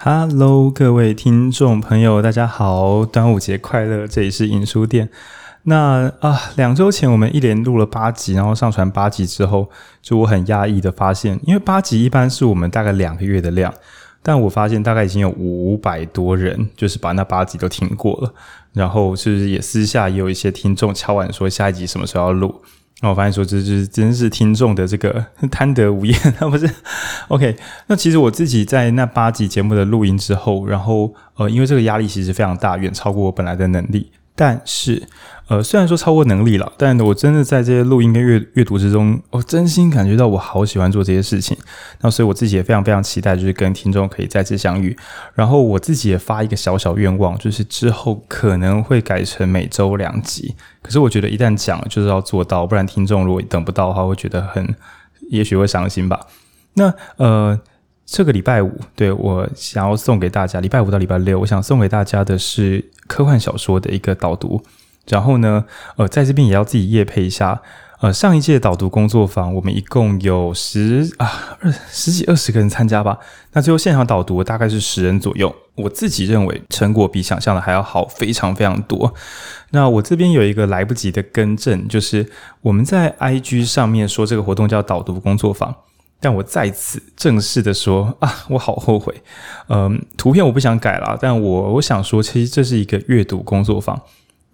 Hello，各位聽眾朋友，大家好！端午節快樂！這裡是引書店。那啊，兩周前我們一連錄了八集，然後上傳八集之後，就我很訝異的發現，因為八集一般是我們大概兩個月的量，但我發現大概已經有五百多人就是把那八集都聽過了，然後就是也私下也有一些聽眾敲碗說下一集什麼時候要錄。那我發現說，這這真是聽眾的這個貪得無厭，那不是 OK。那其實我自己在那八集節目的錄音之後，然後呃，因為這個壓力其實非常大，遠超過我本來的能力。但是，呃，雖然說超過能力了，但呢，我真的在這些錄音跟閱閱讀之中，我真心感覺到我好喜歡做這些事情。那所以我自己也非常非常期待，就是跟聽眾可以再次相遇。然後我自己也發一個小小願望，就是之後可能會改成每週兩集。可是我覺得一旦講了，就是要做到，不然聽眾如果等不到的話，會覺得很，也許會傷心吧。那呃。這個禮拜五，對，我想要送給大家。禮拜五到禮拜六，我想送給大家的是科幻小說的一個導讀。然後呢，呃，在這邊也要自己業配一下。呃，上一屆導讀工作坊，我們一共有十啊二十幾二十個人參加吧。那最後現場導讀大概是十人左右。我自己認為成果比想象的還要好，非常非常多。那我這邊有一個來不及的更正，就是我們在 IG 上面說這個活動叫導讀工作坊。但我在此正式的說啊，我好後悔。嗯，圖片我不想改了，但我我想說，其實這是一個閱讀工作坊，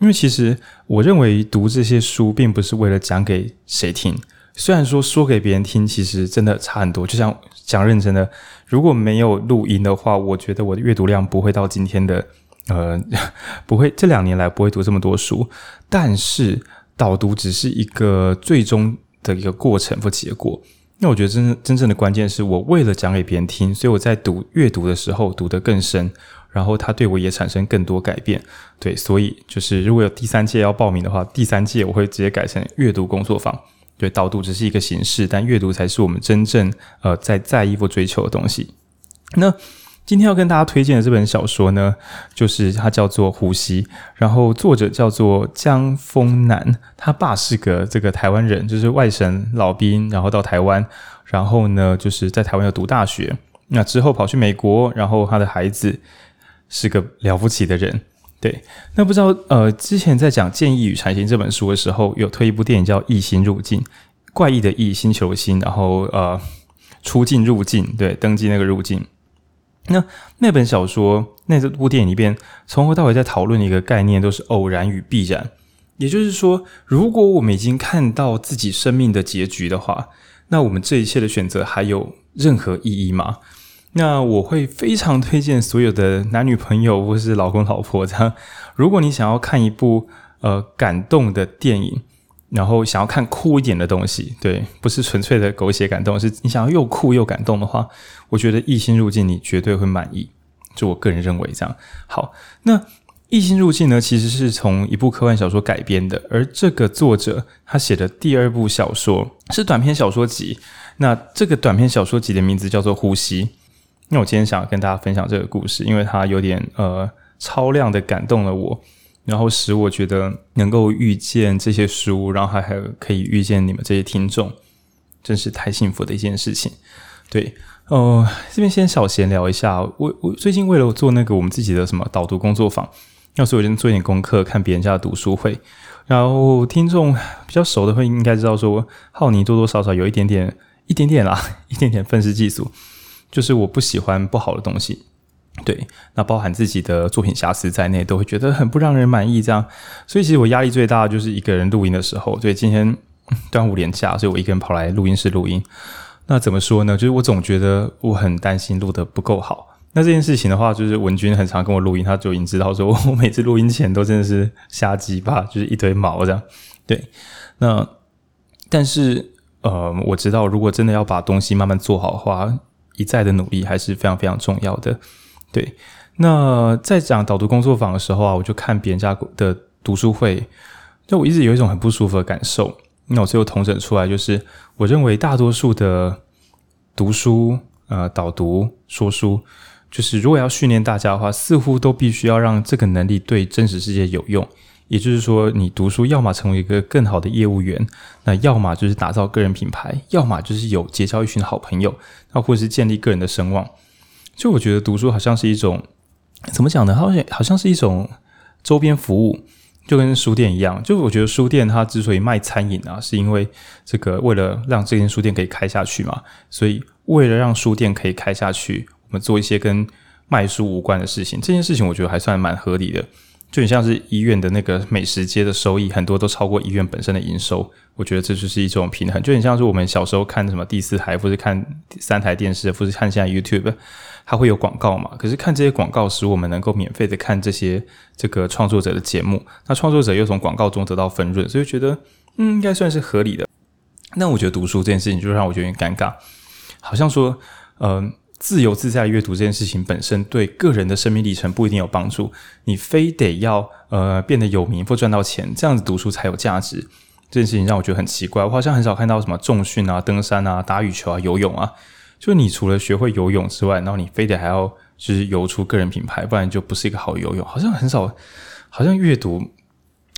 因為其實我認為讀這些書並不是為了講給誰聽。雖然說說給別人聽，其實真的差很多。就像講認真的，如果沒有錄音的話，我覺得我的閱讀量不會到今天的，呃，不會這兩年來不會讀這麼多書。但是導讀只是一個最終的一個過程或結果。那我覺得真正真正的關鍵是我為了講給別人聽，所以我在讀閱讀的時候讀得更深，然後他對我也產生更多改變。對，所以就是如果有第三屆要報名的話，第三屆我會直接改成閱讀工作坊。對，導讀只是一個形式，但閱讀才是我們真正呃在在意或追求的東西。那。今天要跟大家推薦的這本小說呢，就是它叫做《呼吸》，然後作者叫做姜峯楠，他爸是個這個台灣人，就是外省老兵，然後到台灣，然後呢就是在台灣要讀大學，那之後跑去美國，然後他的孩子是個了不起的人。對，那不知道呃，之前在講《箭藝與禪心》這本書的時候，有推一部電影叫《異星入境》，怪異的異、星球星，然後呃出境入境，對，登記那個入境。那那本小說，那這部電影裡邊，從頭到尾在討論一個概念，都是偶然與必然。也就是說，如果我們已經看到自己生命的結局的話，那我們這一切的選擇還有任何意義嗎？那我會非常推薦所有的男女朋友或是老公老婆這樣。如果你想要看一部呃感動的電影，然後想要看酷一點的東西，對，不是純粹的狗血感動，是你想要又酷又感動的話。我覺得《異星入境》你絕對會滿意，就我個人認為這樣。好，那《異星入境》呢，其實是從一部科幻小說改編的，而這個作者他寫的第二部小說是短篇小說集。那這個短篇小說集的名字叫做《呼吸》。那我今天想要跟大家分享這個故事，因為它有點呃超量的感動了我，然後使我覺得能夠遇見這些書，然後還還可以遇見你們這些聽眾，真是太幸福的一件事情。對。哦，這邊先小閒聊一下。我我最近為了做那個我們自己的什麼導讀工作坊，那時候我就做一點功課，看別人家的讀書會。然後聽眾比較熟的會應該知道說，說浩尼多多少少有一點點、一點點啦，一點點憤世嫉俗，就是我不喜歡不好的東西。對，那包含自己的作品瑕疵在內，都會覺得很不讓人滿意。這樣，所以其實我壓力最大就是一個人錄音的時候。所以今天端午連假，所以我一個人跑來錄音室錄音。那怎麼說呢？就是我總覺得我很擔心錄得不夠好。那這件事情的話，就是文君很常跟我錄音，他就已經知道說，我每次錄音前都真的是瞎雞巴，就是一堆毛這樣。對，那但是呃，我知道如果真的要把東西慢慢做好的話，一再的努力還是非常非常重要的。對，那在講導讀工作坊的時候啊，我就看別人家的讀書會，就我一直有一種很不舒服的感受。那我最後統整出來，就是我認為大多數的讀書、呃，導讀、說書，就是如果要訓練大家的話，似乎都必須要讓這個能力對真實世界有用。也就是說，你讀書要麼成為一個更好的業務員，那要麼就是打造個人品牌，要麼就是有結交一群好朋友，那或者是建立個人的聲望。就我覺得讀書好像是一種，怎麼講呢？好像好像是一種周邊服務。就跟書店一樣，就是我覺得書店它之所以賣餐飲啊，是因為這個為了讓這間書店可以開下去嘛。所以為了讓書店可以開下去，我們做一些跟賣書無關的事情，這件事情我覺得還算蠻合理的。就很像是醫院的那個美食街的收益，很多都超過醫院本身的營收。我覺得這就是一種平衡。就很像是我們小時候看什麼第四台，或是看三台電視，或是看現在 YouTube。它會有廣告嘛？可是看這些廣告時，我們能夠免費的看這些這個創作者的節目，那創作者又從廣告中得到分潤，所以覺得嗯，應該算是合理的。那我覺得讀書這件事情，就讓我覺得有點尷尬，好像說嗯、呃，自由自在閱讀這件事情本身對個人的生命歷程不一定有幫助，你非得要呃變得有名或賺到錢，這樣子讀書才有價值。這件事情讓我覺得很奇怪，我好像很少看到什麼重訓啊、登山啊、打羽球啊、游泳啊。就你除了學會游泳之外，然後你非得還要就是游出個人品牌，不然就不是一個好游泳。好像很少，好像閱讀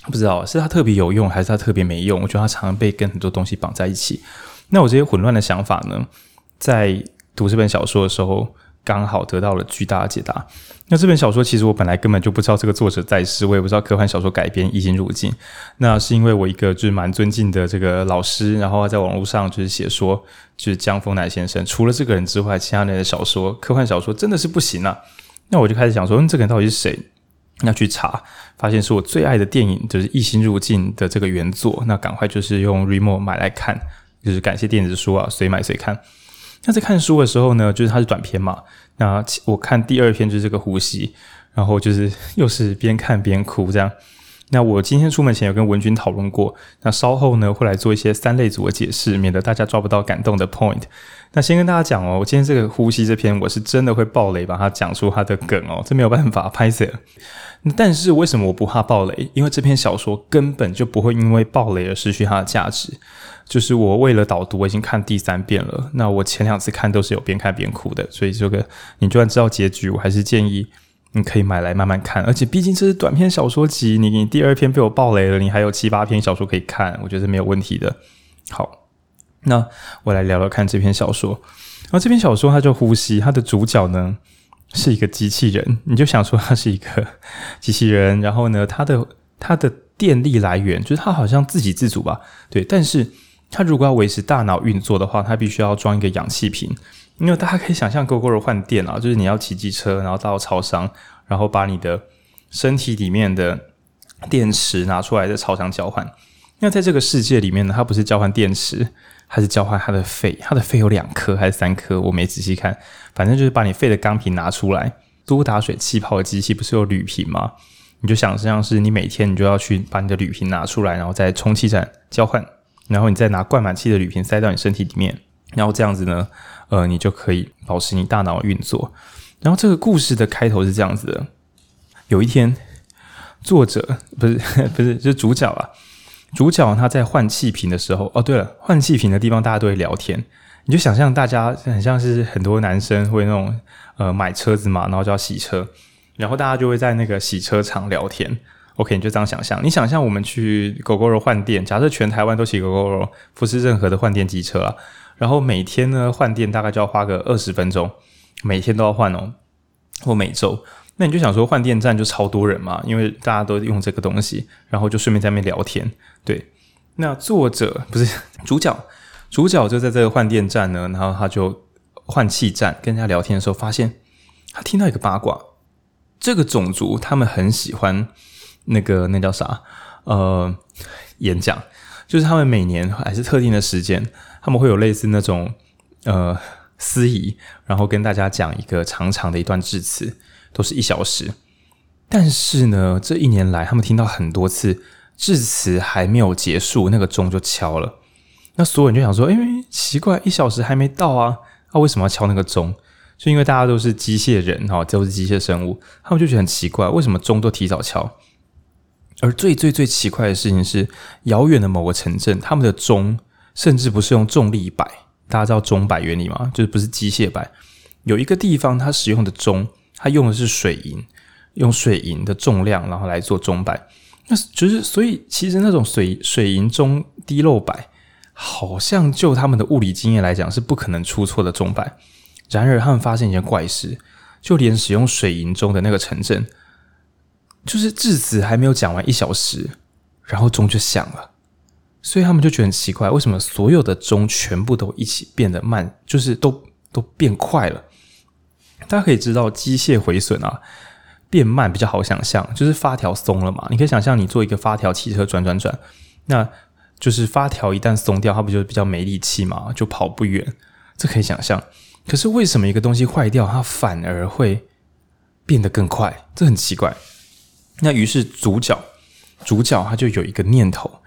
不知道是它特別有用還是它特別沒用。我覺得它常常被跟很多東西綁在一起。那我這些混亂的想法呢，在讀這本小說的時候，剛好得到了巨大的解答。那這本小說其實我本來根本就不知道這個作者在世，我也不知道科幻小說改編《異星入境》。那是因為我一個就是蠻尊敬的這個老師，然後在網絡上就是寫說，就是姜峯楠先生。除了這個人之外，其他人的小說，科幻小說真的是不行啊。那我就開始想說，嗯，這個人到底是誰？要去查，發現是我最愛的電影，就是《異星入境》的這個原作。那趕快就是用 Remo 買來看，就是感謝電子書啊，隨買隨看。那在看書的時候呢，就是它是短篇嘛。那我看第二篇就是這個呼吸，然後就是又是邊看邊哭這樣。那我今天出門前有跟文軍討論過，那稍後呢會來做一些三類組的解釋，免得大家抓不到感動的 point。那先跟大家講哦，我今天這個呼吸這篇我是真的會爆雷，把它講出它的梗哦，這沒有辦法，拍謝。但是為什麼我不怕爆雷？因為這篇小說根本就不會因為爆雷而失去它的價值。就是我為了導讀我已經看第三遍了，那我前兩次看都是有邊看邊哭的，所以這個你就算知道結局，我還是建議。你可以買來慢慢看，而且畢竟這是短篇小說集，你你第二篇被我爆雷了，你還有七八篇小說可以看，我覺得是沒有問題的。好，那我來聊聊看這篇小說。然後這篇小說它叫《呼吸》，它的主角呢是一個機器人，你就想說它是一個機器人，然後呢，它的它的電力來源就是它好像自給自足吧？對，但是它如果要維持大腦運作的話，它必須要裝一個氧氣瓶。因為大家可以想象 Gogoro 的換電啊，就是你要騎機車，然後到超商，然後把你的身體裡面的電池拿出來，在超商交換。那在這個世界裡面呢，它不是交換電池，它是交換它的肺，它的肺有兩顆還是三顆？我沒仔細看，反正就是把你肺的鋼瓶拿出來，都打水氣泡的機器不是有鋁瓶嗎？你就想象是你每天你就要去把你的鋁瓶拿出來，然後在充氣站交換，然後你再拿灌滿氣的鋁瓶塞到你身體裡面，然後這樣子呢？呃，你就可以保持你大腦運作。然後這個故事的開頭是這樣子的：有一天，作者不是，不是，就是主角啊。主角他在換氣瓶的時候，哦對了，換氣瓶的地方大家都會聊天。你就想象，大家很像是很多男生會那種呃買車子嘛，然後就要洗車，然後大家就會在那個洗車場聊天。OK，你就這樣想象。你想象我們去 Gogoro 換電，假設全台灣都洗 Gogoro，不是任何的換電機車啊。然後每天呢換電大概就要花個二十分鐘，每天都要換哦，或每周。那你就想說換電站就超多人嘛，因為大家都用這個東西，然後就順便在那邊聊天。對，那作者不是主角，主角就在這個換電站呢，然後他就換氣站跟人家聊天的時候，發現他聽到一個八卦：這個種族他們很喜歡那個，那叫啥，呃，演講，就是他們每年還是特定的時間。他們會有類似那種，呃，司儀，然後跟大家講一個長長的一段致詞，都是一小時。但是呢，這一年來他們聽到很多次致詞還沒有結束，那個鐘就敲了。那所有人就想說：“誒，奇怪，一小時還沒到啊，那、啊、為什麼要敲那個鐘？”就因為大家都是機械人哈、哦，都是機械生物，他們就覺得很奇怪，為什麼鐘都提早敲？而最最最奇怪的事情是，遙遠的某個城鎮，他們的鐘。甚至不是用重力擺，大家知道鐘擺原理嗎？就是不是機械擺，有一個地方它使用的鐘，它用的是水銀，用水銀的重量然後來做鐘擺，那就是所以其實那種水水銀鐘滴漏擺，好像就他們的物理經驗來講是不可能出錯的鐘擺。然而他們發現一件怪事，就連使用水銀鐘的那個城鎮，就是至此還沒有講完一小時，然後鐘就響了。所以他們就覺得很奇怪，為什麼所有的鐘全部都一起變得慢，就是都都變快了？大家可以知道機械毀損啊，變慢比較好想象，就是發條鬆了嘛。你可以想象你做一個發條汽車轉轉轉，那就是發條一旦鬆掉，它不就比較沒力氣嘛，就跑不遠，這可以想象。可是為什麼一個東西壞掉，它反而會變得更快？這很奇怪。那於是主角主角他就有一個念頭。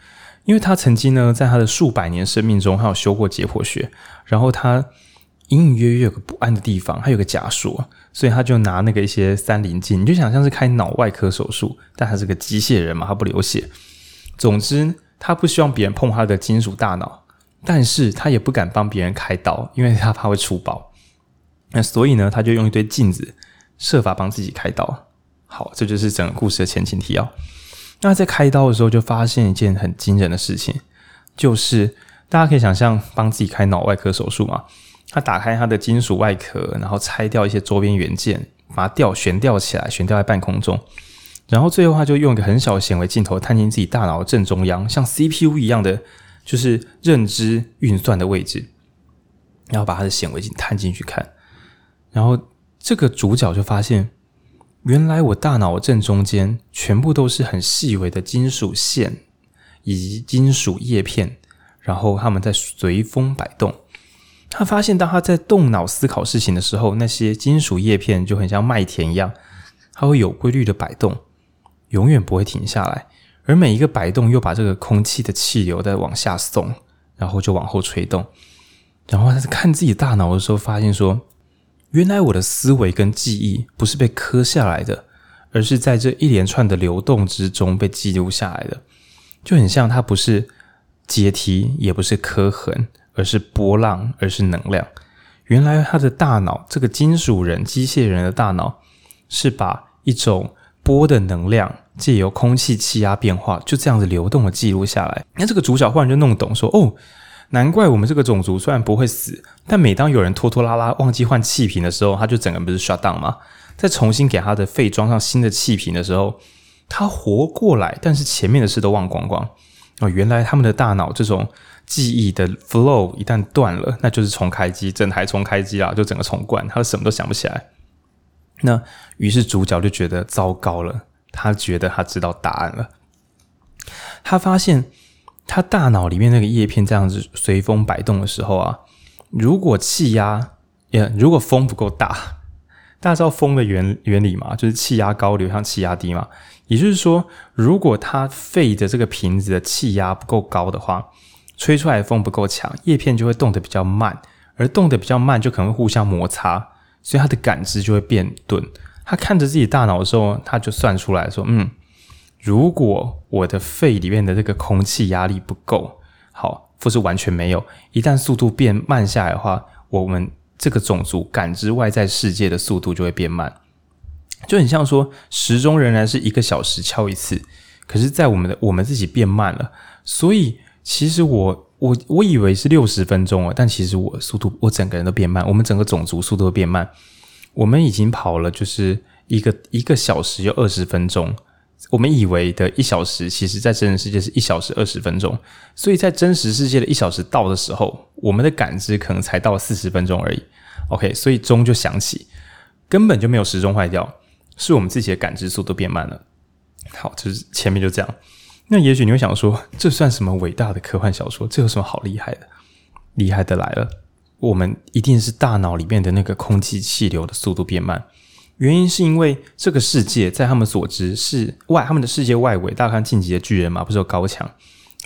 因為他曾經呢，在他的數百年生命中，他有修過解剖學，然後他隱隱約約有個不安的地方，他有個假說，所以他就拿那個一些三稜鏡，你就想像是開腦外科手術，但他是個機械人嘛，他不流血。總之，他不希望別人碰他的金屬大腦，但是他也不敢幫別人開刀，因為他怕會出包。那所以呢，他就用一堆鏡子，設法幫自己開刀。好，這就是整個故事的前情提要。那在開刀的時候，就發現一件很驚人的事情，就是大家可以想象幫自己開腦外科手術嘛，他打開他的金屬外殼，然後拆掉一些周邊元件，把它吊懸吊起來，懸吊在半空中，然後最後他就用一個很小的顯微鏡頭探進自己大腦正中央，像 CPU 一樣的就是認知運算的位置，然後把他的顯微鏡探進去看，然後這個主角就發現。原來我大腦正中間全部都是很細微的金屬線以及金屬葉片，然後他們在隨風擺動。他發現，當他在動腦思考事情的時候，那些金屬葉片就很像麥田一樣，它會有規律的擺動，永遠不會停下來。而每一個擺動又把這個空氣的氣流再往下送，然後就往後吹動。然後他在看自己大腦的時候，發現說。原來我的思維跟記憶不是被刻下來的，而是在這一連串的流動之中被記錄下來的，就很像它不是階梯，也不是刻痕，而是波浪，而是能量。原來他的大腦，這個金屬人、機械人的大腦，是把一種波的能量，借由空氣氣壓變化，就這樣子流動的記錄下來。那這個主角忽然就弄懂說：“哦。”難怪我們這個種族雖然不會死，但每當有人拖拖拉拉忘記換氣瓶的時候，他就整個不是 shutdown 嗎？再重新給他的肺裝上新的氣瓶的時候，他活過來，但是前面的事都忘光光。哦，原來他們的大腦這種記憶的 flow 一旦斷了，那就是重開機，整台重開機啊，就整個重灌，他什麼都想不起來。那於是主角就覺得糟糕了，他覺得他知道答案了，他發現。他大腦裡面那個葉片這樣子隨風擺動的時候啊，如果氣壓也如果風不夠大，大家知道風的原原理嘛，就是氣壓高流向氣壓低嘛。也就是說，如果他肺的這個瓶子的氣壓不夠高的話，吹出來的風不夠強，葉片就會動得比較慢，而動得比較慢就可能會互相摩擦，所以他的感知就會變鈍。他看着自己大腦的時候，他就算出來說，嗯。如果我的肺裡面的這個空氣壓力不夠好，或是完全沒有，一旦速度變慢下來的話，我們這個種族感知外在世界的速度就會變慢。就很像說時鐘仍然是一個小時敲一次，可是，在我們的我們自己變慢了。所以，其實我我我以為是六十分鐘啊，但其實我速度我整個人都變慢，我們整個種族速度都變慢。我們已經跑了就是一個一個小時又二十分鐘。我們以為的一小時，其實在真實世界是一小時二十分鐘，所以在真實世界的一小時到的時候，我們的感知可能才到了四十分鐘而已。OK，所以鐘就響起，根本就沒有時鐘壞掉，是我們自己的感知速度變慢了。好，就是前面就這樣。那也許你會想說，這算什麼偉大的科幻小說？這有什麼好厲害的？厲害的來了，我們一定是大腦裡面的那個空氣氣流的速度變慢。原因是因為這個世界在他們所知是外，他們的世界外圍，大家看進擊的巨人嘛，不是有高牆？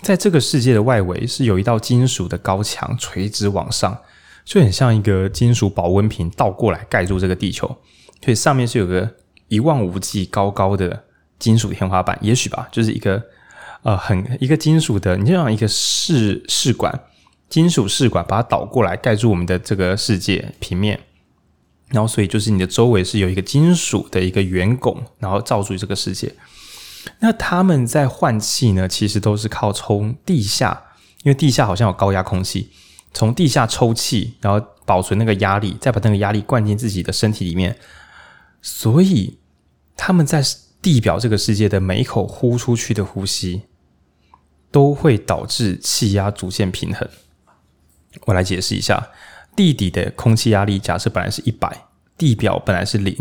在這個世界的外圍是有一道金屬的高牆，垂直往上，就很像一個金屬保溫瓶倒過來蓋住這個地球，所以上面是有個一望無際高高的金屬天花板，也許吧，就是一個呃很一個金屬的，你就像一個試試管，金屬試管把它倒過來蓋住我們的這個世界平面。然後，所以就是你的周圍是有一個金屬的一個圓拱，然後罩住這個世界。那他們在換氣呢？其實都是靠從地下，因為地下好像有高壓空氣，從地下抽氣，然後保存那個壓力，再把那個壓力灌進自己的身體裡面。所以他們在地表這個世界的每一口呼出去的呼吸，都會導致氣壓逐漸平衡。我來解釋一下。地底的空氣壓力假設本來是一百，地表本來是零。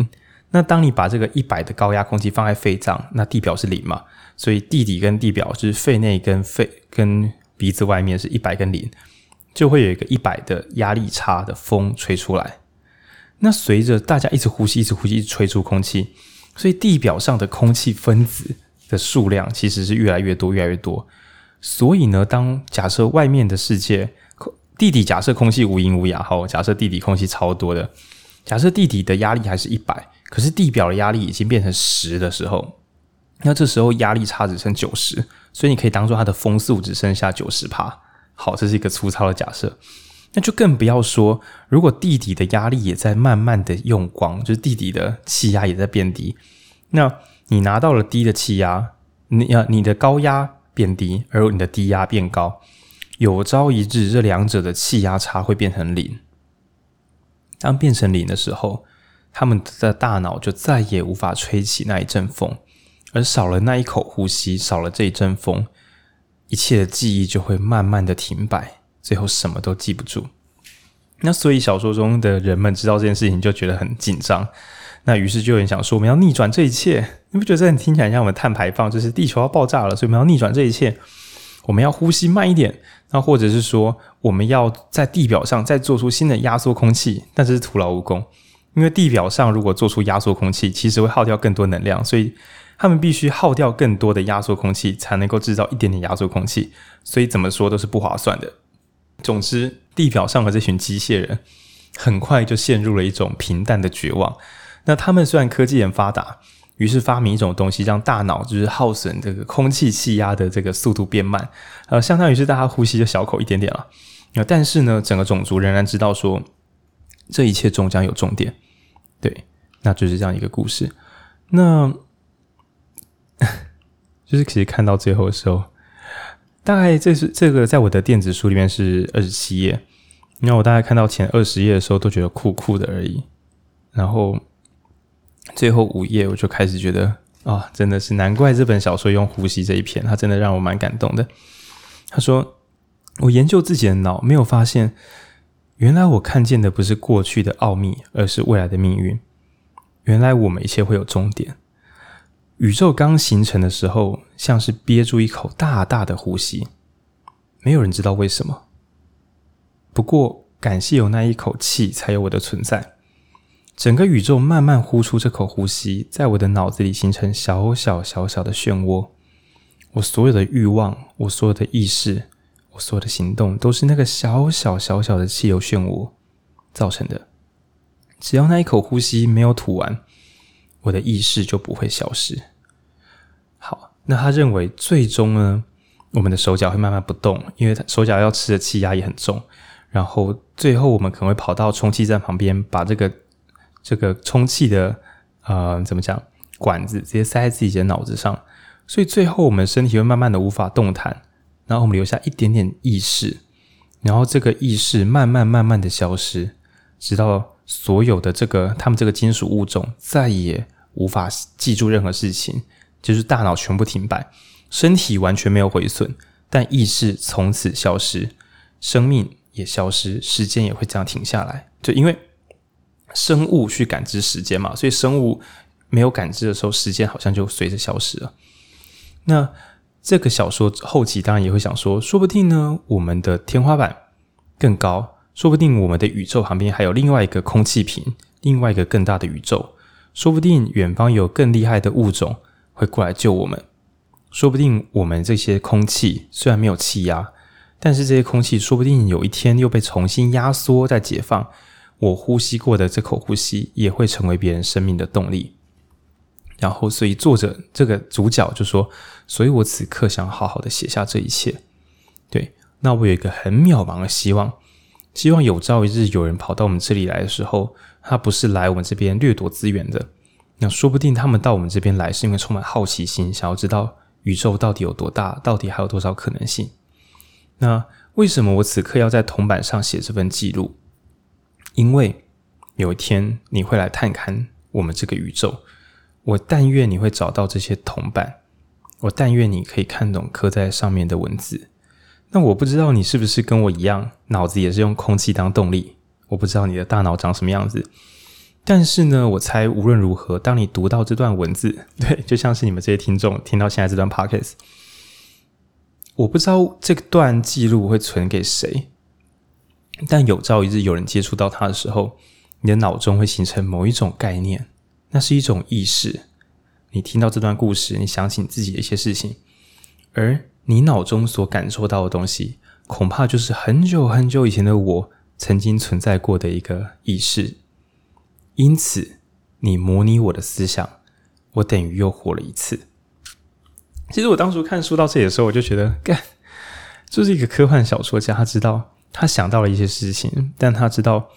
那當你把這個一百的高壓空氣放在肺臟，那地表是零嘛？所以地底跟地表是肺內跟肺跟鼻子外面是一百跟零，就會有一個一百的壓力差的風吹出來。那隨着大家一直呼吸，一直呼吸，一直吹出空氣，所以地表上的空氣分子的數量其實是越來越多，越來越多。所以呢，當假設外面的世界。地底假設空氣無垠無涯，齁，假設地底空氣超多的，假設地底的壓力還是一百，可是地表的壓力已經變成十的時候，那這時候壓力差只剩九十，所以你可以當做它的風速只剩下九十帕。好，這是一個粗糙的假設，那就更不要說，如果地底的壓力也在慢慢的用光，就是地底的氣壓也在變低，那你拿到了低的氣壓，你要你的高壓變低，而你的低壓變高。有朝一日，這兩者的氣壓差會變成零。當變成零的時候，他們的大腦就再也無法吹起那一陣風，而少了那一口呼吸，少了這一陣風，一切的記憶就會慢慢的停擺，最後什麼都記不住。那所以小說中的人們知道這件事情，就覺得很緊張。那於是就很想說，我們要逆轉這一切。你不覺得這聽起來像我們碳排放，就是地球要爆炸了，所以我們要逆轉這一切，我們要呼吸慢一點。那或者是說，我們要在地表上再做出新的壓縮空氣，但這是徒勞無功，因為地表上如果做出壓縮空氣，其實會耗掉更多能量，所以他們必須耗掉更多的壓縮空氣，才能夠制造一點點壓縮空氣，所以怎麼說都是不划算的。總之，地表上的這群機械人很快就陷入了一種平淡的絕望。那他們雖然科技很發達。於是發明一種東西，讓大腦就是耗損這個空氣氣壓的這個速度變慢，呃，相當於是大家呼吸就小口一點點了。那但是呢，整個種族仍然知道說，這一切終將有終點。對，那就是這樣一個故事。那就是其實看到最後的時候，大概這是這個在我的電子書裡面是二十七頁。那我大概看到前二十頁的時候都覺得酷酷的而已，然後。最後五頁，我就開始覺得啊、哦，真的是難怪這本小說用呼吸這一篇，它真的讓我蠻感動的。他說：“我研究自己的腦，沒有發現，原來我看見的不是過去的奧秘，而是未來的命運。原來我們一切會有終點。宇宙剛形成的時候，像是憋住一口大大的呼吸，沒有人知道為什麼。不過，感謝有那一口氣，才有我的存在。”整個宇宙慢慢呼出這口呼吸，在我的腦子裡形成小小小小的漩渦。我所有的慾望，我所有的意識，我所有的行動，都是那個小小小小的氣流漩渦造成的。只要那一口呼吸沒有吐完，我的意識就不會消失。好，那他認為最終呢，我們的手腳會慢慢不動，因為手腳要吃的氣壓也很重。然後最後我們可能會跑到充氣站旁邊，把這個。這個充氣的，呃，怎麼講？管子直接塞在自己的腦子上，所以最後我們身體會慢慢的無法動彈，然後我們留下一點點意識，然後這個意識慢慢慢慢的消失，直到所有的這個他們這個金屬物種再也無法記住任何事情，就是大腦全部停擺，身體完全沒有毀損，但意識從此消失，生命也消失，時間也會這樣停下來，就因為。生物去感知時間嘛，所以生物沒有感知的時候，時間好像就隨着消失了。那這個小說後期當然也會想說，說不定呢，我們的天花板更高，說不定我們的宇宙旁邊還有另外一個空氣瓶，另外一個更大的宇宙，說不定遠方有更厲害的物種會過來救我們，說不定我們這些空氣雖然沒有氣壓，但是這些空氣說不定有一天又被重新壓縮再解放。我呼吸過的這口呼吸也會成為別人生命的動力，然後，所以作者這個主角就說，所以我此刻想好好的寫下這一切。對，那我有一個很渺茫的希望，希望有朝一日有人跑到我們這裡來的時候，他不是來我們這邊掠奪資源的，那說不定他們到我們這邊來是因為充滿好奇心，想要知道宇宙到底有多大，到底還有多少可能性。那為什麼我此刻要在銅板上寫這份記錄？因為有一天你會來探看我們這個宇宙，我但願你會找到這些銅板，我但願你可以看懂刻在上面的文字。那我不知道你是不是跟我一樣，腦子也是用空氣當動力。我不知道你的大腦長什麼樣子，但是呢，我猜無論如何，當你讀到這段文字，對，就像是你們這些聽眾聽到現在這段 podcast，我不知道這段記錄會存給誰。但有朝一日有人接觸到它的時候，你的腦中會形成某一種概念，那是一種意識。你聽到這段故事，你想起你自己的一些事情，而你腦中所感受到的東西，恐怕就是很久很久以前的我曾經存在過的一個意識。因此，你模擬我的思想，我等於又活了一次。其實我當初看書到這裡的時候，我就覺得，幹，這、就是一個科幻小說家他知道。他想到了一些事情，但他知道，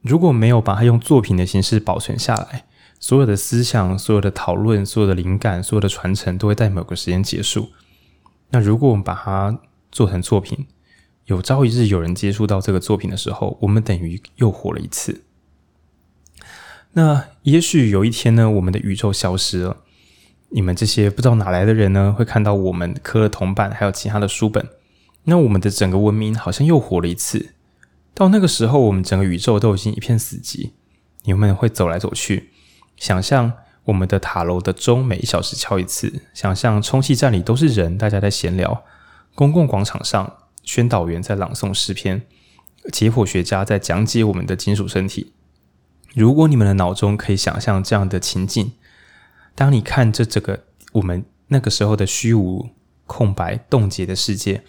如果沒有把它用作品的形式保存下來，所有的思想、所有的討論、所有的靈感、所有的傳承，都會在某個時間結束。那如果我們把它做成作品，有朝一日有人接觸到這個作品的時候，我們等於又活了一次。那也許有一天呢，我們的宇宙消失了，你們這些不知道哪來的人呢，會看到我們刻了銅版，還有其他的書本。那我們的整個文明好像又活了一次。到那個時候，我們整個宇宙都已經一片死寂。你們會走來走去，想象我們的塔樓的鐘每一小時敲一次，想象充氣站裡都是人，大家在閒聊。公共廣場上，宣導員在朗誦詩篇，解剖學家在講解我們的金屬身體。如果你們的腦中可以想象這樣的情境，當你看這整個我們那個時候的虛無空白凍結的世界。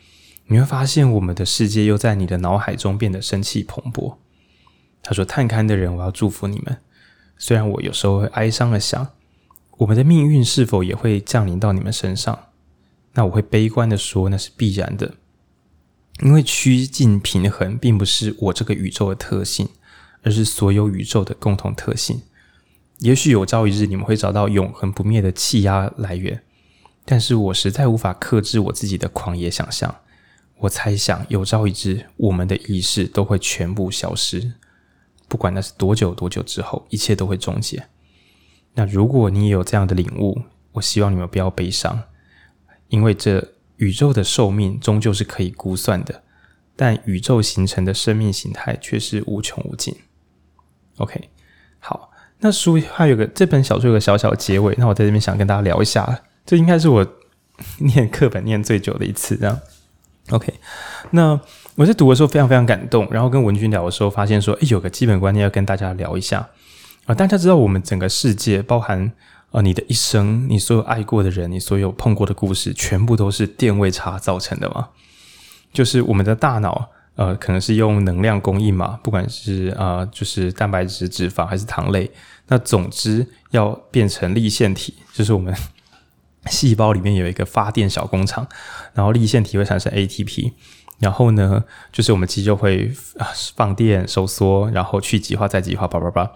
你會發現，我們的世界又在你的腦海中變得生氣蓬勃。他說：“探勘的人，我要祝福你們。雖然我有時候會哀傷的想，我們的命運是否也會降臨到你們身上？那我會悲觀的說，那是必然的。因為趨近平衡並不是我這個宇宙的特性，而是所有宇宙的共同特性。也許有朝一日，你們會找到永恆不滅的氣壓來源，但是我實在無法克制我自己的狂野想象。”我猜想，有朝一日，我們的意識都會全部消失。不管那是多久多久之後，一切都會終結。那如果你也有這樣的領悟，我希望你們不要悲傷，因為這宇宙的壽命終究是可以估算的，但宇宙形成的生命形態卻是無窮無盡。OK，好，那書還有個這本小說有個小小的結尾，那我在這邊想跟大家聊一下，這應該是我念課本念最久的一次，啊，這樣。OK，那我在讀的時候非常非常感動，然後跟文君聊的時候發現說，哎，有個基本觀念要跟大家聊一下啊、呃！大家知道我們整個世界，包含啊、呃、你的一生，你所有愛過的人，你所有碰過的故事，全部都是電位差造成的嗎？就是我們的大腦，呃，可能是用能量供應嘛，不管是啊、呃，就是蛋白質、脂肪還是糖類，那總之要變成粒線體，就是我們。細胞裡面有一個發電小工廠，然後粒線體會產生 ATP，然後呢，就是我們肌肉會啊放電收縮，然後去極化再極化，叭叭叭。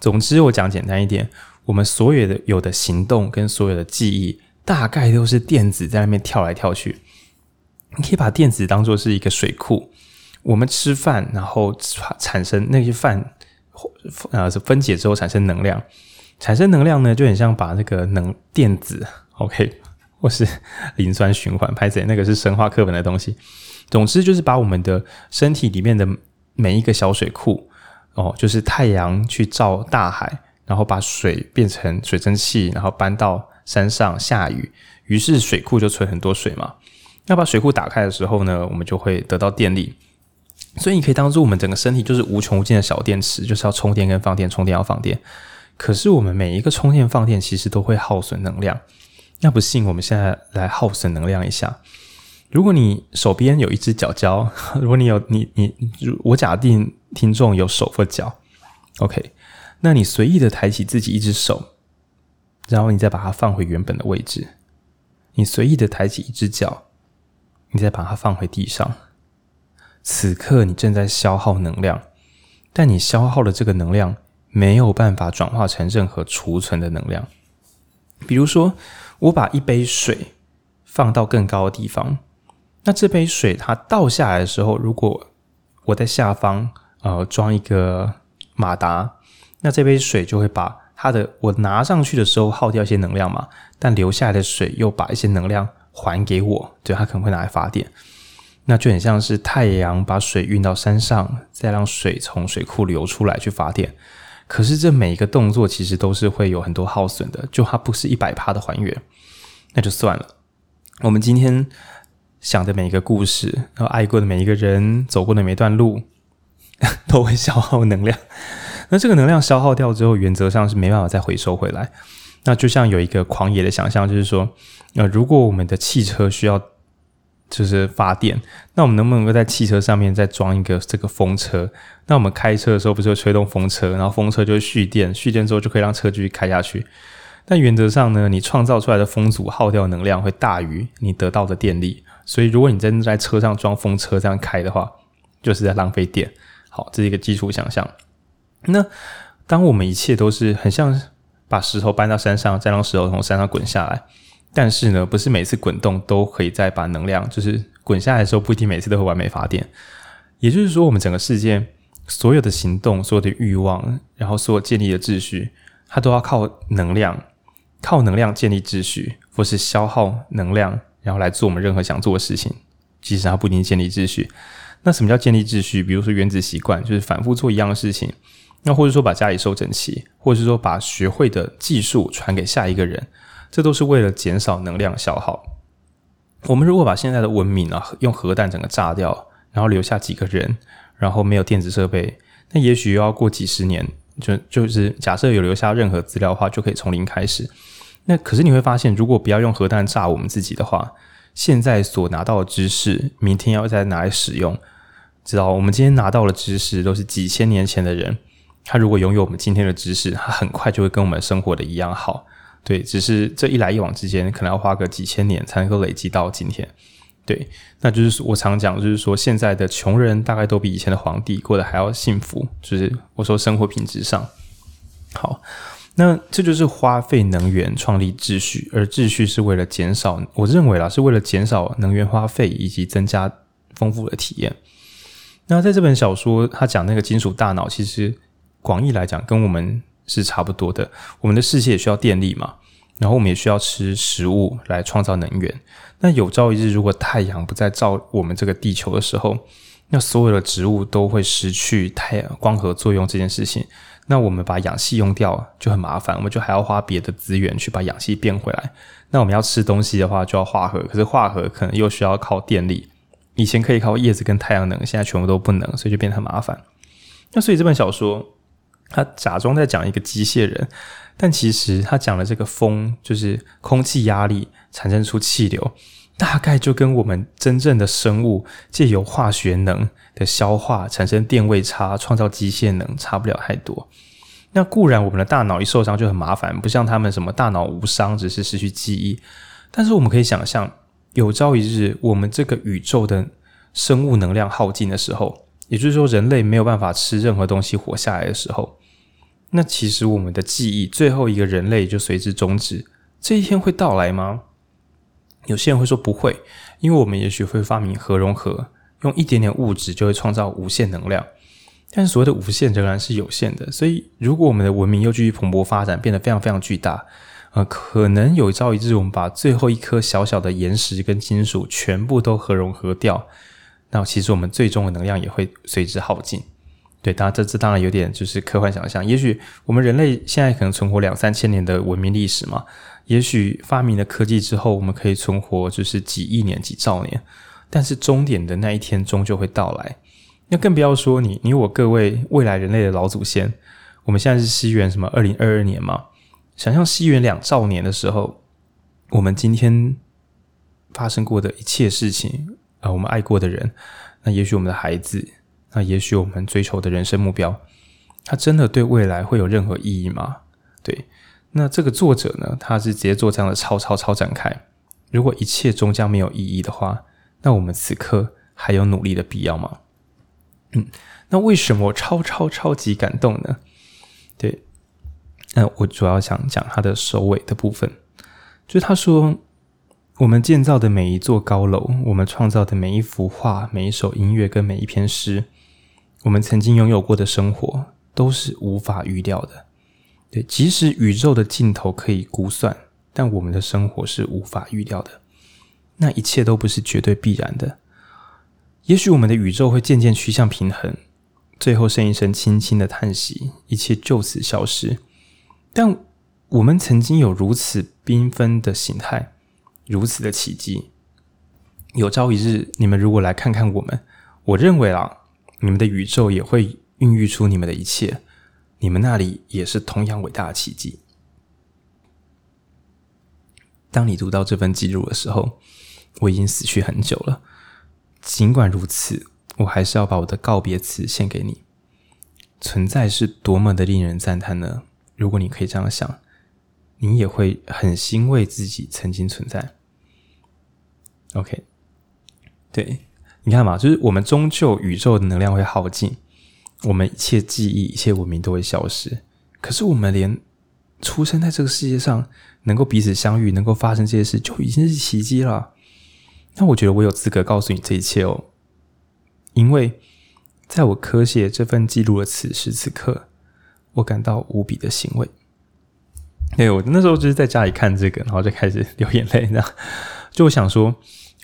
總之我講簡單一點，我們所有的有的行動跟所有的記憶，大概都是電子在那邊跳來跳去。你可以把電子當做是一個水庫，我們吃飯然後產生那些飯，啊、呃，分解之後產生能量，產生能量呢就很像把那個能電子。OK，或是磷酸循環，拍謝，那個是生化課本的東西。總之就是把我們的身體裡面的每一個小水庫，哦，就是太陽去照大海，然後把水變成水蒸氣，然後搬到山上下雨，於是水庫就存很多水嘛。那把水庫打開的時候呢，我們就會得到電力。所以你可以當做我們整個身體就是無窮無盡的小電池，就是要充電跟放電，充電要放電。可是我們每一個充電放電其實都會耗損能量。那不信，我們現在來耗損能量一下。如果你手邊有一隻腳腳，如果你有你你，我假定聽眾有手或腳，OK，那你隨意的抬起自己一隻手，然後你再把它放回原本的位置。你隨意的抬起一隻腳，你再把它放回地上。此刻你正在消耗能量，但你消耗的這個能量沒有辦法轉化成任何儲存的能量，比如說。我把一杯水放到更高的地方，那這杯水它倒下來的時候，如果我在下方呃裝一個馬達，那這杯水就會把它的我拿上去的時候耗掉一些能量嘛，但留下來的水又把一些能量還給我，對，它可能會拿來發電，那就很像是太陽把水運到山上，再讓水從水庫流出來去發電。可是，這每一個動作其實都是會有很多耗損的，就它不是一百趴的還原，那就算了。我們今天想的每一個故事，然後愛過的每一個人，走過的每一段路，都會消耗能量。那這個能量消耗掉之後，原則上是沒辦法再回收回來。那就像有一個狂野的想象，就是說，呃，如果我們的汽車需要。就是發電，那我們能不能夠在汽車上面再裝一個這個風車？那我們開車的時候不是會吹動風車，然後風車就會蓄電，蓄電之後就可以讓車繼續開下去。但原則上呢，你創造出來的風阻耗掉的能量會大於你得到的電力，所以如果你真的在車上裝風車這樣開的話，就是在浪費電。好，這是一個基礎想象。那當我們一切都是很像把石頭搬到山上，再讓石頭從山上滾下來。但是呢，不是每次滾動都可以再把能量，就是滾下來的時候不一定每次都會完美發電。也就是說，我們整個世界所有的行動、所有的慾望，然後所有建立的秩序，它都要靠能量，靠能量建立秩序，或是消耗能量，然後來做我們任何想做的事情。即使它不一定建立秩序。那什麼叫建立秩序？比如說原子習慣，就是反復做一樣的事情，那或者說把家裡收整齊，或者是說把學會的技術傳給下一個人。這都是為了減少能量消耗。我們如果把現在的文明啊用核彈整個炸掉，然後留下幾個人，然後沒有電子設備，那也許又要過幾十年，就就是假設有留下任何資料的話，就可以從零開始。那可是你會發現，如果不要用核彈炸我們自己的話，現在所拿到的知識，明天要再拿來使用，知道我們今天拿到的知識都是幾千年前的人，他如果擁有我們今天的知識，他很快就會跟我們生活的一樣好。對，只是這一來一往之間，可能要花個幾千年才能夠累積到今天。對，那就是我常講，就是說現在的窮人大概都比以前的皇帝過得還要幸福，就是我說生活品質上。好，那這就是花費能源創立秩序，而秩序是為了減少，我認為啦，是為了減少能源花費以及增加豐富的體驗。那在這本小說，他講那個金屬大腦，其實廣義來講，跟我們。是差不多的。我們的世界也需要電力嘛，然後我們也需要吃食物來創造能源。那有朝一日，如果太陽不再照我們這個地球的時候，那所有的植物都會失去太陽光合作用這件事情。那我們把氧氣用掉就很麻煩，我們就還要花別的資源去把氧氣變回來。那我們要吃東西的話，就要化合，可是化合可能又需要靠電力。以前可以靠葉子跟太陽能，現在全部都不能，所以就變得很麻煩。那所以這本小說。他假裝在講一個機械人，但其實他講的這個風就是空氣壓力產生出氣流，大概就跟我們真正的生物借由化學能的消化產生電位差創造機械能差不了太多。那固然我們的大腦一受傷就很麻煩，不像他們什麼大腦無傷只是失去記憶。但是我們可以想象，有朝一日我們這個宇宙的生物能量耗盡的時候，也就是說人類沒有辦法吃任何東西活下來的時候。那其實我們的記憶最後一個人類就隨之終止，這一天會到來嗎？有些人會說不會，因為我們也許會發明核融合，用一點點物質就會創造無限能量。但是所謂的無限仍然是有限的，所以如果我們的文明又繼續蓬勃發展，變得非常非常巨大，呃，可能有朝一日我們把最後一顆小小的岩石跟金屬全部都核融合掉，那其實我們最終的能量也會隨之耗盡。對，當然這這當然有點就是科幻想象也許我們人類現在可能存活兩三千年的文明歷史嘛，也許發明了科技之後，我們可以存活就是幾億年、幾兆年，但是終點的那一天終究會到來。那更不要說你、你我各位未來人類的老祖先，我們現在是西元什麼二零二二年嘛，想象西元兩兆年的時候，我們今天發生過的一切事情啊、呃，我們愛過的人，那也許我們的孩子。那也許我們追求的人生目標，它真的對未來會有任何意義嗎？對，那這個作者呢，他是直接做這樣的超超超展開。如果一切終將沒有意義的話，那我們此刻還有努力的必要嗎？嗯，那為什麼超超超級感動呢？對，那我主要想講他的首尾的部分，就是他說，我們建造的每一座高樓，我們創造的每一幅畫、每一首音樂跟每一篇詩。我們曾經擁有過的生活，都是無法預料的。對，即使宇宙的盡頭可以估算，但我們的生活是無法預料的。那一切都不是絕對必然的。也許我們的宇宙會漸漸趨向平衡，最後剩一聲輕輕的嘆息，一切就此消失。但我們曾經有如此繽紛的形態，如此的奇蹟。有朝一日，你們如果來看看我們，我認為啊。你們的宇宙也會孕育出你們的一切，你們那裡也是同樣偉大的奇蹟。當你讀到這份記錄的時候，我已經死去很久了。儘管如此，我還是要把我的告別詞獻給你。存在是多麼的令人讚嘆呢？如果你可以這樣想，你也會很欣慰自己曾經存在。OK，對。你看嘛，就是我們終究宇宙的能量會耗盡，我們一切記憶、一切文明都會消失。可是我們連出生在這個世界上，能夠彼此相遇，能夠發生這些事，就已經是奇蹟了。那我覺得我有資格告訴你這一切哦，因為在我刻寫這份記錄的此時此刻，我感到無比的欣慰。哎，我那時候就是在家裡看這個，然後就開始流眼淚呢。就我想說，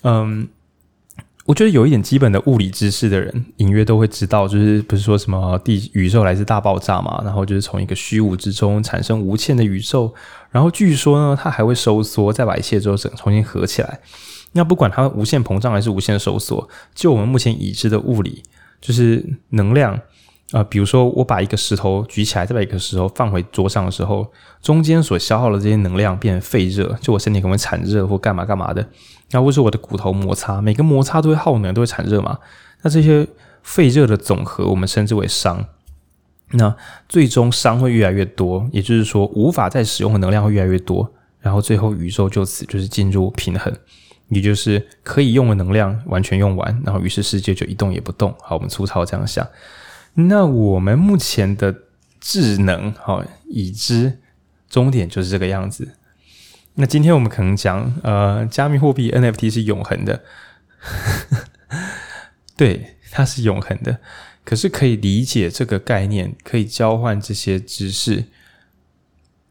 嗯。我覺得有一點基本的物理知識的人，隱約都會知道，就是不是說什麼地宇宙來自大爆炸嘛，然後就是從一個虛無之中產生無限的宇宙，然後據說呢，它還會收縮，再把一切之後整重新合起來。那不管它無限膨脹還是無限收縮，就我們目前已知的物理，就是能量啊、呃，比如說我把一個石頭舉起來，再把一個石頭放回桌上的時候，中間所消耗的這些能量變廢熱，就我身體可能會產熱或幹嘛幹嘛的。那或是我的骨頭摩擦，每個摩擦都會耗能，都會產熱嘛。那這些廢熱的總和，我們稱之為熵。那最終熵會越來越多，也就是說，無法再使用的能量會越來越多。然後最後宇宙就此就是進入平衡，也就是可以用的能量完全用完，然後於是世界就一動也不動。好，我們粗糙這樣想。那我們目前的智能，好，已知終點就是這個樣子。那今天我們可能講，呃，加密貨幣 NFT 是永恆的， 對，它是永恆的。可是可以理解這個概念，可以交換這些知識，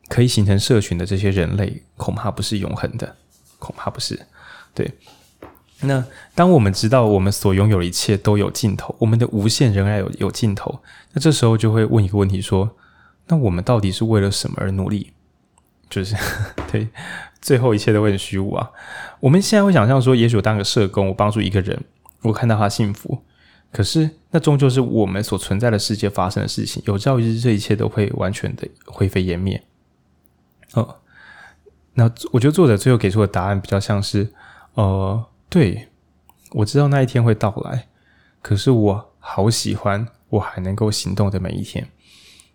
可以形成社群的這些人類，恐怕不是永恆的，恐怕不是。對。那當我們知道我們所擁有的一切都有盡頭，我們的無限仍然有有盡頭，那這時候就會問一個問題說，那我們到底是為了什麼而努力？就是對，最後一切都會很虛無啊！我們現在會想象說，也許我當個社工，我幫助一個人，我看到他幸福。可是那終究是我們所存在的世界發生的事情。有朝一日，這一切都會完全的灰飛煙滅。哦，那我覺得作者最後給出的答案比較像是，呃，對，我知道那一天會到來，可是我好喜歡我還能夠行動的每一天。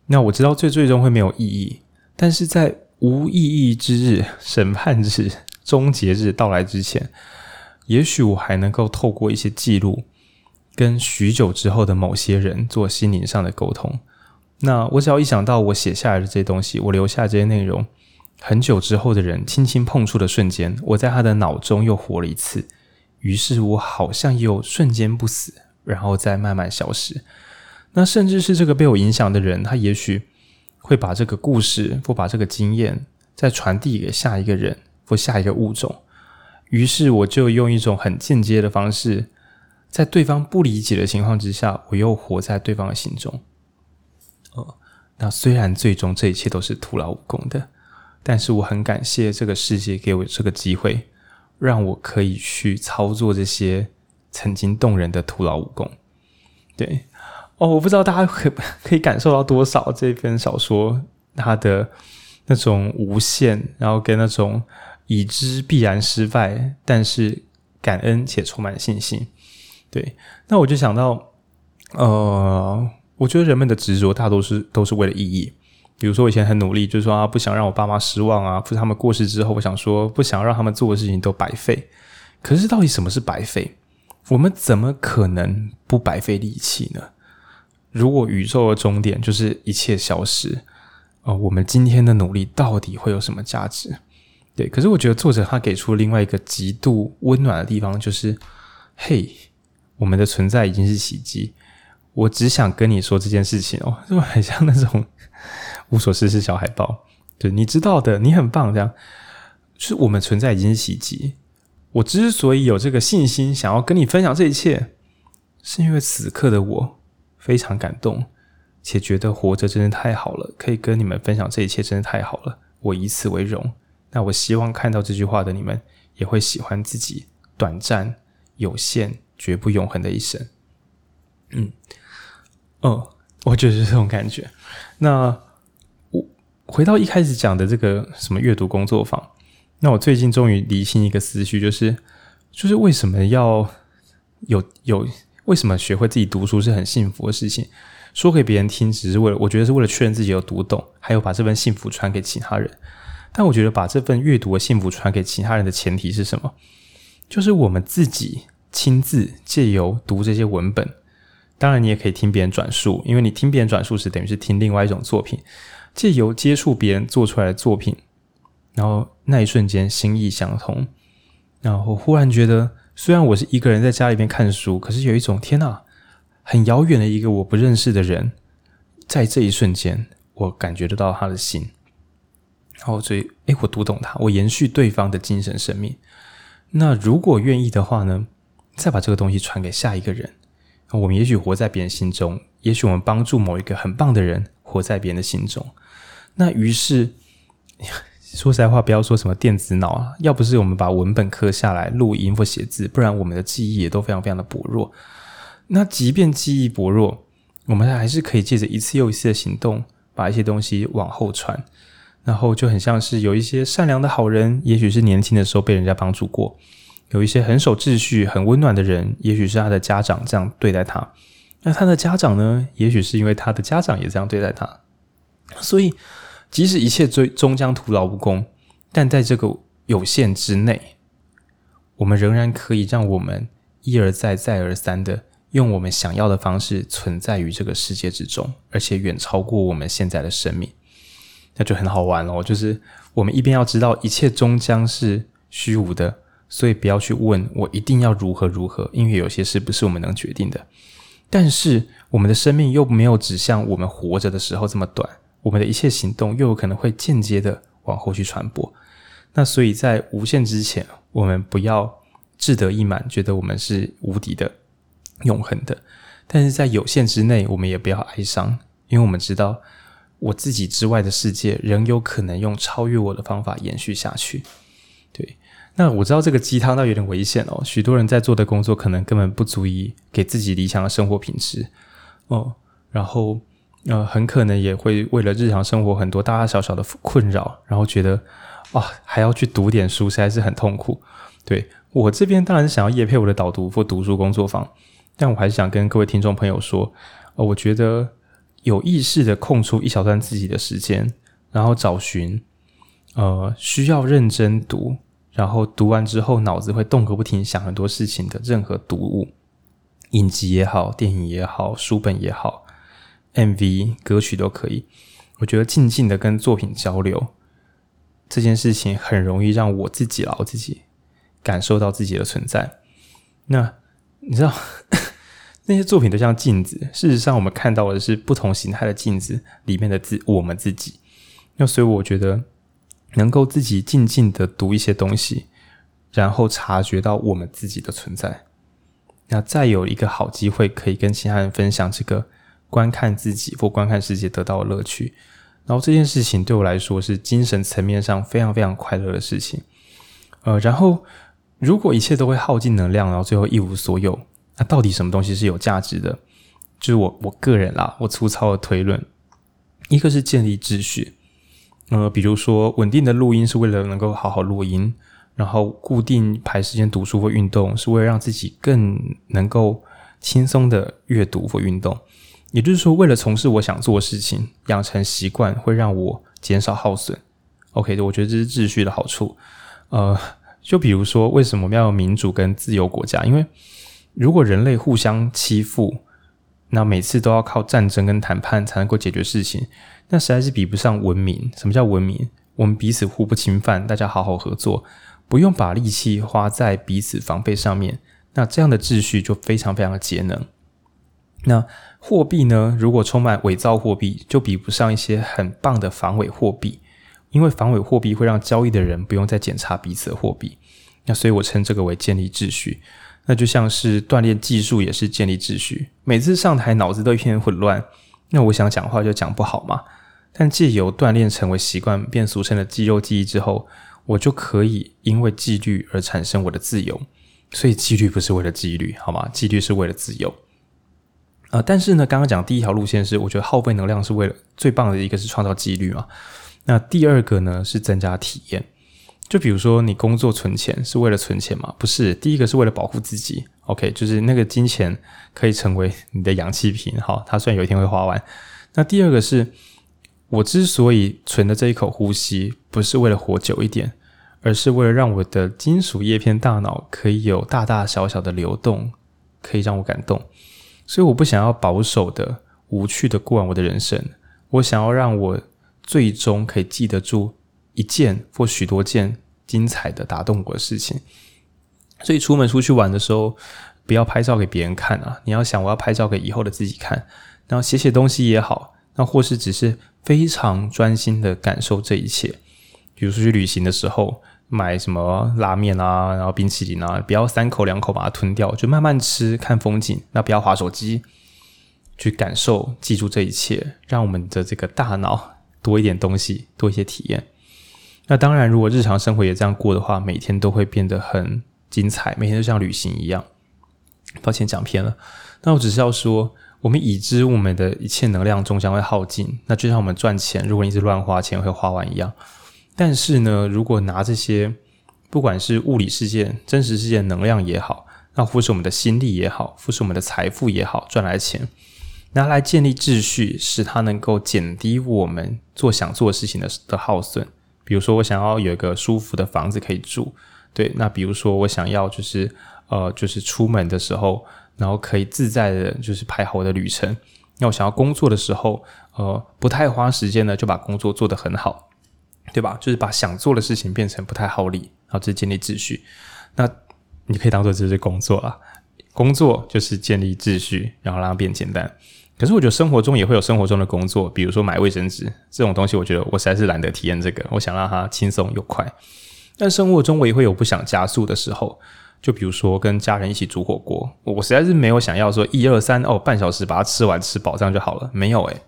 那我知道最最終會沒有意義，但是在。無意義之日、審判日、終結日到來之前，也許我還能夠透過一些記錄，跟許久之後的某些人做心靈上的溝通。那我只要一想到我寫下來的這些東西，我留下這些內容，很久之後的人輕輕碰觸的瞬間，我在他的腦中又活了一次。於是，我好像又瞬間不死，然後再慢慢消失。那甚至是這個被我影響的人，他也許……會把這個故事或把這個經驗再傳遞給下一個人或下一個物種，於是我就用一種很間接的方式，在對方不理解的情況之下，我又活在對方的心中。哦，那雖然最終這一切都是徒勞無功的，但是我很感謝這個世界給我這個機會，讓我可以去操作這些曾經動人的徒勞無功。對。哦，我不知道大家可以可以感受到多少這篇小說它的那種無限，然後跟那種已知必然失敗，但是感恩且充滿信心。對，那我就想到，呃，我覺得人們的執着大多是都是為了意義。比如說，我以前很努力，就是說啊，不想讓我爸媽失望啊，不是他們過世之後，我想說不想讓他們做的事情都白費。可是，到底什麼是白費？我們怎麼可能不白費力氣呢？如果宇宙的終點就是一切消失，啊、呃，我們今天的努力到底會有什麼價值？對，可是我覺得作者他給出另外一個極度溫暖的地方，就是，嘿，我們的存在已經是奇蹟。我只想跟你說這件事情哦，就很像那種無所事事小海豹，對你知道的，你很棒，這樣。就是我們存在已經是奇蹟。我之所以有這個信心，想要跟你分享這一切，是因為此刻的我。非常感動，且覺得活着真的太好了，可以跟你們分享這一切真的太好了，我以此為榮。那我希望看到這句話的你們也會喜歡自己短暫、有限、絕不永恆的一生。嗯，哦，我就是這種感覺。那我回到一開始講的這個什麼閱讀工作坊，那我最近終於理清一個思緒，就是就是為什麼要有有。為什麼學會自己讀書是很幸福的事情？說給別人聽，只是為了我覺得是為了確認自己有讀懂，還有把這份幸福傳給其他人。但我覺得把這份閱讀的幸福傳給其他人的前提是什麼？就是我們自己親自借由讀這些文本。當然，你也可以聽別人轉述，因為你聽別人轉述時，等於是聽另外一種作品，借由接觸別人做出來的作品，然後那一瞬間心意相通，然後我忽然覺得。雖然我是一個人在家裡邊看書，可是有一種天哪，很遙遠的一個我不認識的人，在這一瞬間，我感覺得到他的心。然後所以，哎，我讀懂他，我延續對方的精神生命。那如果願意的話呢，再把這個東西傳給下一個人。我們也許活在別人心中，也許我們幫助某一個很棒的人活在別人的心中。那於是，說實在話，不要說什麼電子腦啊，要不是我們把文本刻下來錄音或寫字，不然我們的記憶也都非常非常的薄弱。那即便記憶薄弱，我們還是可以借着一次又一次的行動，把一些東西往後傳。然後就很像是有一些善良的好人，也許是年輕的時候被人家幫助過；有一些很守秩序、很溫暖的人，也許是他的家長這樣對待他。那他的家長呢？也許是因為他的家長也這樣對待他。所以。即使一切最終將徒勞無功，但在這個有限之內，我們仍然可以讓我們一而再、再而三的用我們想要的方式存在於這個世界之中，而且遠超過我們現在的生命，那就很好玩了，哦。就是我們一邊要知道一切終將是虛無的，所以不要去問我一定要如何如何，因為有些事不是我們能決定的。但是我們的生命又沒有指向我們活着的時候這麼短。我們的一切行動又有可能會間接的往後去傳播，那所以在無限之前，我們不要志得意滿，覺得我們是無敵的、永恆的；但是在有限之內，我們也不要哀傷，因為我們知道我自己之外的世界仍有可能用超越我的方法延續下去。對，那我知道這個雞湯倒有點危險哦，許多人在做的工作可能根本不足以給自己理想的生活品質哦，然後。呃，很可能也會為了日常生活很多大大小小的困擾，然後覺得，啊，還要去讀點書，實在是很痛苦。對，我這邊當然是想要業配我的導讀或讀書工作坊，但我還是想跟各位聽眾朋友說，呃，我覺得有意識的空出一小段自己的時間，然後找尋，呃，需要認真讀，然後讀完之後腦子會動個不停，想很多事情的任何讀物，影集也好，電影也好，書本也好。MV、歌曲都可以，我覺得靜靜的跟作品交流這件事情很容易讓我自己牢自己感受到自己的存在。那你知道 那些作品都像鏡子，事實上我們看到的是不同形態的鏡子裡面的自我們自己。那所以我覺得能夠自己靜靜的讀一些東西，然後察覺到我們自己的存在，那再有一個好機會可以跟其他人分享這個。觀看自己或觀看世界得到的樂趣，然後這件事情對我來說是精神層面上非常非常快樂的事情。呃，然後如果一切都會耗盡能量，然後最後一無所有，那到底什麼東西是有價值的？就是我我個人啦，我粗糙的推論，一個是建立秩序。呃，比如說穩定的錄音是為了能夠好好錄音，然後固定排時間讀書或運動，是為了讓自己更能夠輕鬆的閱讀或運動。也就是說，為了從事我想做的事情，養成習慣會讓我減少耗損。OK，我覺得這是秩序的好處。呃，就比如說，為什麼我們要有民主跟自由國家？因為如果人類互相欺負，那每次都要靠戰爭跟談判才能夠解決事情，那實在是比不上文明。什麼叫文明？我們彼此互不侵犯，大家好好合作，不用把力氣花在彼此防備上面。那這樣的秩序就非常非常的節能。那貨幣呢？如果充滿偽造貨幣，就比不上一些很棒的防偽貨幣，因為防偽貨幣會讓交易的人不用再檢查彼此的貨幣。那所以，我稱這個為建立秩序。那就像是鍛鍊技術，也是建立秩序。每次上台，腦子都一片混亂，那我想講話就講不好嘛。但借由鍛鍊成為習慣，變俗稱的肌肉記憶之後，我就可以因為紀律而產生我的自由。所以，紀律不是為了紀律，好嗎？紀律是為了自由。呃，但是呢，剛剛講第一條路線是，我覺得耗費能量是為了最棒的一個是創造紀律嘛。那第二個呢，是增加體驗。就比如說你工作存錢是為了存錢嘛？不是，第一個是為了保護自己。OK，就是那個金錢可以成為你的氧氣瓶，好，它雖然有一天會花完。那第二個是，我之所以存的這一口呼吸，不是為了活久一點，而是為了讓我的金屬葉片大腦可以有大大小小的流動，可以讓我感動。所以我不想要保守的、無趣的過完我的人生，我想要讓我最終可以記得住一件或許多件精彩的、打動我的事情。所以出門出去玩的時候，不要拍照給別人看啊！你要想，我要拍照給以後的自己看。然後寫寫東西也好，那或是只是非常專心的感受這一切。比如出去旅行的時候。買什麼拉麵啊，然後冰淇淋啊，不要三口兩口把它吞掉，就慢慢吃，看風景。那不要滑手機，去感受，記住這一切，讓我們的這個大腦多一點東西，多一些體驗。那當然，如果日常生活也這樣過的話，每天都會變得很精彩，每天就像旅行一樣。抱歉講偏了，那我只是要說，我們已知我們的一切能量終將會耗盡，那就像我們賺錢，如果你一直亂花錢，會花完一樣。但是呢，如果拿這些，不管是物理世界、真實世界能量也好，那或是我們的心力也好，或是我們的財富也好，賺來錢拿來建立秩序，使它能夠減低我們做想做事情的的耗損。比如說，我想要有一個舒服的房子可以住，對，那比如說我想要就是呃，就是出門的時候，然後可以自在的，就是排好我的旅程。那我想要工作的時候，呃，不太花時間呢，就把工作做得很好。對吧？就是把想做的事情變成不太耗力，然後去建立秩序。那你可以當做這是工作了，工作就是建立秩序，然後讓它變簡單。可是我覺得生活中也會有生活中的工作，比如說買衛生紙這種東西，我覺得我實在是懶得體驗這個，我想讓它輕鬆又快。但生活中我也會有不想加速的時候，就比如說跟家人一起煮火鍋，我實在是沒有想要說一二三哦，半小時把它吃完吃飽，這樣就好了。沒有誒、欸，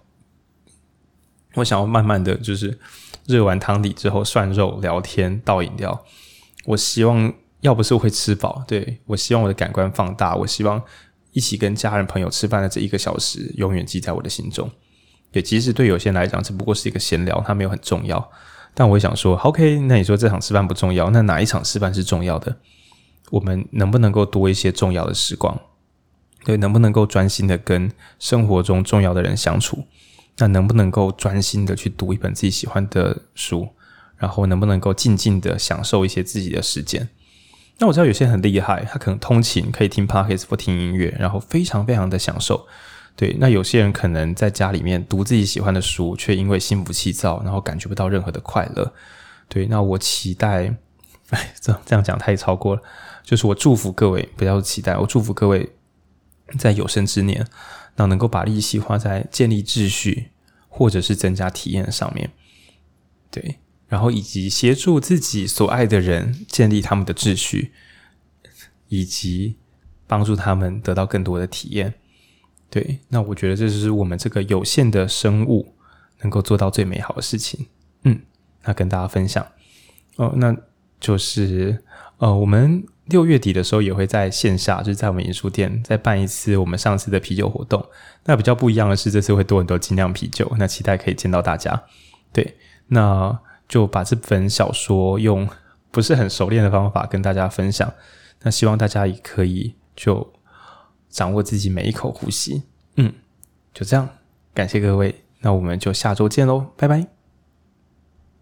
我想要慢慢的就是。熱完湯底之後，涮肉、聊天、倒飲料。我希望，要不是我會吃飽，對，我希望我的感官放大。我希望一起跟家人朋友吃飯的這一個小時，永遠記在我的心中。也其實對有些人來講，只不過是一個閒聊，它沒有很重要。但我也想說，OK，那你說這場吃飯不重要，那哪一場吃飯是重要的？我們能不能夠多一些重要的時光？對，能不能夠專心的跟生活中重要的人相處？那能不能夠專心的去讀一本自己喜歡的書，然後能不能夠靜靜的享受一些自己的時間？那我知道有些人很厲害，他可能通勤可以聽 Podcast 或聽音樂，然後非常非常的享受。對，那有些人可能在家裡面讀自己喜歡的書，卻因為心浮氣躁，然後感覺不到任何的快樂。對，那我期待，哎，這這樣講太超過了。就是我祝福各位不要期待，我祝福各位在有生之年。那能夠把力氣花在建立秩序，或者是增加體驗上面，對，然後以及協助自己所愛的人建立他們的秩序，以及幫助他們得到更多的體驗，對，那我覺得這就是我們這個有限的生物能夠做到最美好的事情。嗯，那跟大家分享哦，那就是呃，我們。六月底的時候也會在線下，就是在我們引書店再辦一次我們上次的啤酒活動。那比較不一樣的是，這次會多很多精釀啤酒。那期待可以見到大家。對，那就把這本小說用不是很熟練的方法跟大家分享。那希望大家也可以就掌握自己每一口呼吸。嗯，就這樣，感謝各位，那我們就下週見嘍，拜拜。